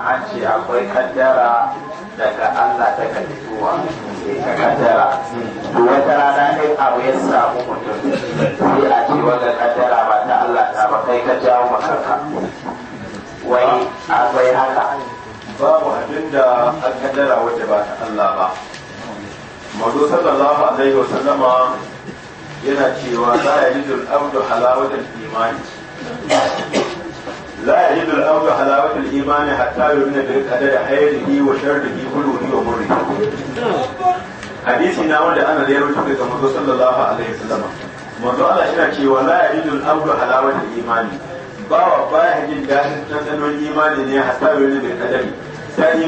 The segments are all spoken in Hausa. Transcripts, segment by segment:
an ce akwai kaddara daga Allah ta fitowa ta kaddara to wata rana ne abu ya samu mutum sai a ce wanda kaddara ba ta Allah ta ba kai ka jawo makarka wai akwai haka babu abin da an kaddara wacce ba ta Allah ba Mazu sallallahu alaihi wa sallama yana cewa za a yi abdu halawatul imani لا يجد الأرض حلاوة الإيمان حتى يؤمن بالقدر خيره وشره كله ومره حديثي ناول أنا ليرو تبقى منذ صلى الله عليه وسلم منذ الله شنا شيء ولا يجد الأرض حلاوة الإيمان bawa baya jin daɗin tsananin imani ne hasa wani mai kadari sai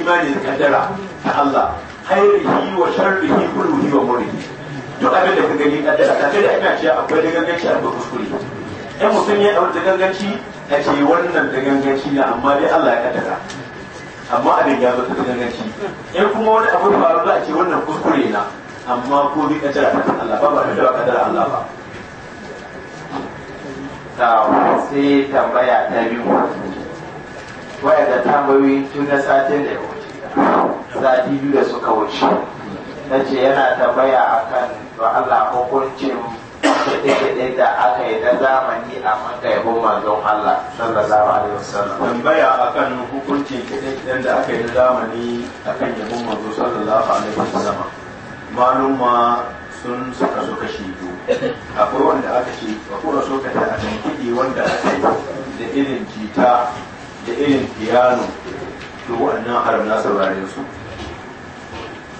imani ya kadara ta Allah khairihi wa sharrihi kulluhi wa murihi duk abin ka gani kadara ta kada ina cewa akwai da shi akwai kuskure in mutum ya ɗauki ganganci a ce wannan da ganganci na amma dai Allah ya kaddara amma abin ya zata da ganganci Yan kuma wani abu faru za a ce wannan kuskure na amma ko bi kaddara ta Allah ba ba da kaddara Allah ba ta sai tambaya ta biyu waya da tambayoyi tun na satin da ya wuce sati biyu da suka wuce na ce yana tambaya akan wa Allah hukuncin su ɗaiɗaiɗai da aka yi na zamani a magaibin manzon Allah sallallahu alaihi wasallam tambaya akan hukuncin ɗaiɗaiɗan da aka yi na zamani a akan yabon a sallallahu alaihi wasallam maluma sun suka so kashi biyu akwai wanda aka ce akwai wasu ka ta a kiɗi wanda aka yi da irin jita da irin piano to waɗannan haram na saurare su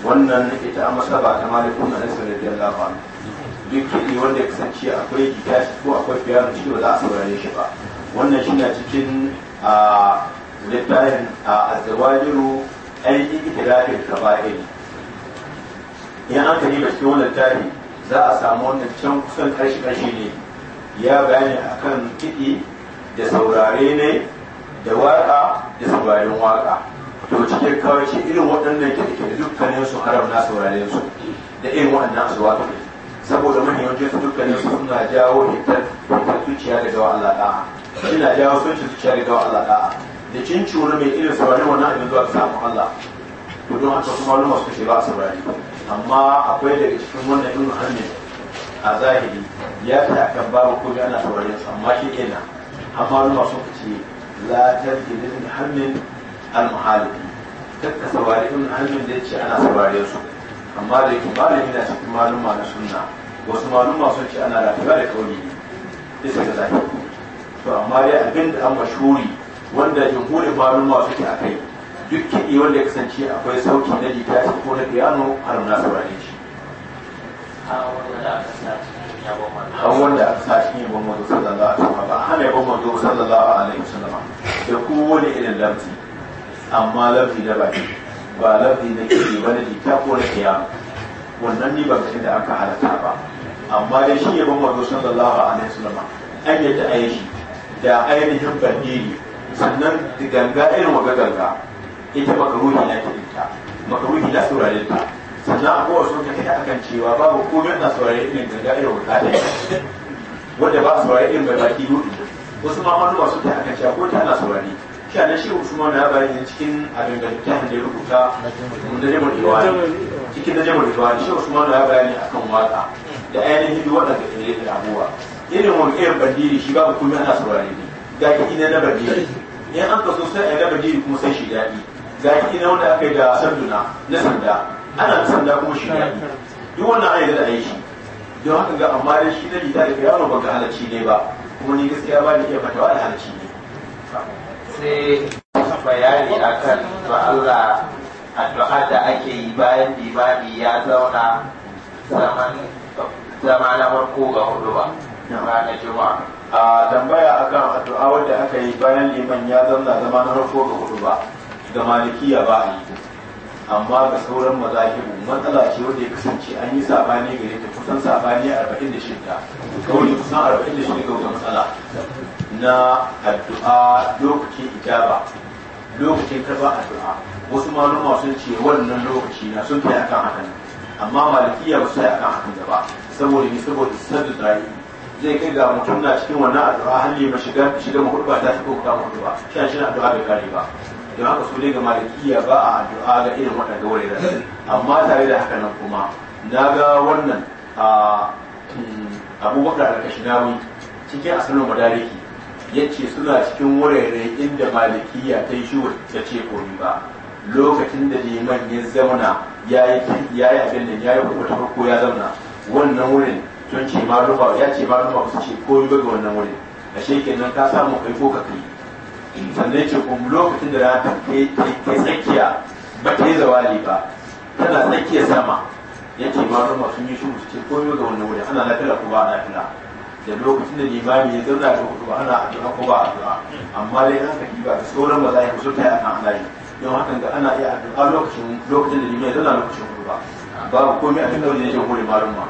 wannan ita a masaba ta malikun na nasarar da Allah duk kiɗi wanda ya kasance akwai gita ko akwai piano ciki ba za a saurare shi ba wannan shi na cikin a littafin a azawajiru an yi itirafin kaba'iri in an ka da cikin wannan tari za a samu wannan can kusan karshe karshe ne ya bayani akan kiɗi da saurare ne da waƙa da sauraren waƙa to cikin kawai ce irin waɗannan kiɗe-kiɗe dukkanin su haram na sauraren da irin waɗannan su waƙa saboda mun mahimmancin su dukkanin su suna jawo hitar zuciya da gawa Allah da'a suna jawo sun zuciya da gawa Allah da'a da cin curi mai irin sauraron wannan abin zuwa samun Allah to don haka kuma wani masu ba a saurari amma akwai daga cikin wannan irin hannun a zahiri ya ta kan babu komai ana sauraron amma shi kenan amma wani masu kace la tarjilin hannun al-muhalifi kakka saurari irin hannun da ya ce ana sauraron su amma da yake malami na cikin maluma na sunna wasu maluma sun ce ana rayuwa da kauli ne isa ga zahiri to amma ya abin da an mashuri wanda jumhurin maluma suke a kai duk kiɗi wanda ya kasance akwai sauki na littafi ko na piano har na saurare shi har wanda aka sa shi yabon mazo sallallahu alaihi wasallam ba hana yabon mazo sallallahu alaihi wasallam da kowane irin lamfi amma lamfi da baki ba lafi da ke ba na ita ko na kiyama wannan ni ba da aka halatta ba amma da shi yabon Allah sallallahu alaihi sulama an yi ta aishi da ainihin bandiri sannan ganga irin wa ganga ita makaruhi na kirinta makaruhi na saurari ta sannan a kowa sun kai akan cewa babu komai na saurari irin ganga irin waga ta wanda ba saurari irin ganga ki hudu wasu ma manuwa sun kai akan cewa ko ta na saurari. sha na shi usman ya ne cikin abin da littafin hanyar rubuta da jamar iwani cikin da jamar iwani shi usman ya a akan waka da ainihin duk waɗanda ke yi da abuwa irin wani irin bandiri shi babu kuma ana saurari ne ga ki ina na bandiri in an kaso sai a ga bandiri kuma sai shi daɗi ga ki ina wanda aka yi da sanduna na sanda ana da sanda kuma shi daɗi duk wannan an yi da ayi shi don haka ga amma da shi na lida da yaro ba ga halacci ne ba kuma ni gaskiya ba ni iya fatawa da halacci ne sai bayani akan ba Allah addu'a da ake yi bayan limani ya zauna zama na farko ga hudu ba ranar juma'a a tambaya akan addu'a wadda aka yi bayan liman ya zauna zama na farko ga hudu ba ga malikiya ba a yi amma ga sauran mazahibu matsala ce wanda ya kasance an yi sabani gare ta kusan sabani 46 kawai kusan 46 ga wata matsala na addu'a lokacin ijaba lokacin karɓar addu'a wasu maluma sun ce wannan lokaci na sun fi akan hakan amma malikiya ba su yi akan hakan ba saboda ni saboda sadu zai kai ga mutum na cikin wannan addu'a halli ma shiga shiga mu hurba ta shigo ka mu hurba shi shi addu'a bai kare ba don haka su ne ga malikiya ba a addu'a ga irin waɗanda wuraren amma tare da haka nan kuma na ga wannan a ah, mm, abubakar alkashinawi cikin asalin madariki yace suna cikin wurare inda malikiya ta yi shuhur ta ce komi ba lokacin da liman ya zauna ya yi ya yi abin da ya yi kuma ta farko ya zauna wannan wurin tun ce ma rufa ya ce ma rufa su ce komi ba ga wannan wurin a kenan ka samu kai ko ka kai sannan ce kun lokacin da rana ta kai tsakiya ba ta yi zawali ba tana tsakiya sama ya ce ma rufa sun yi shuhur su ce komi ba ga wannan wurin ana lafiya ko ba lafiya da lokacin da limami ya zauna da hudu ana addu'a ko ba addu'a amma dai haka ba da sauran ba za a kusurta ya kan ana yi don haka ga ana iya addu'a lokacin lokacin da limami ya zauna lokacin hudu ba ba komai a cikin wajen jamhuriyar malumma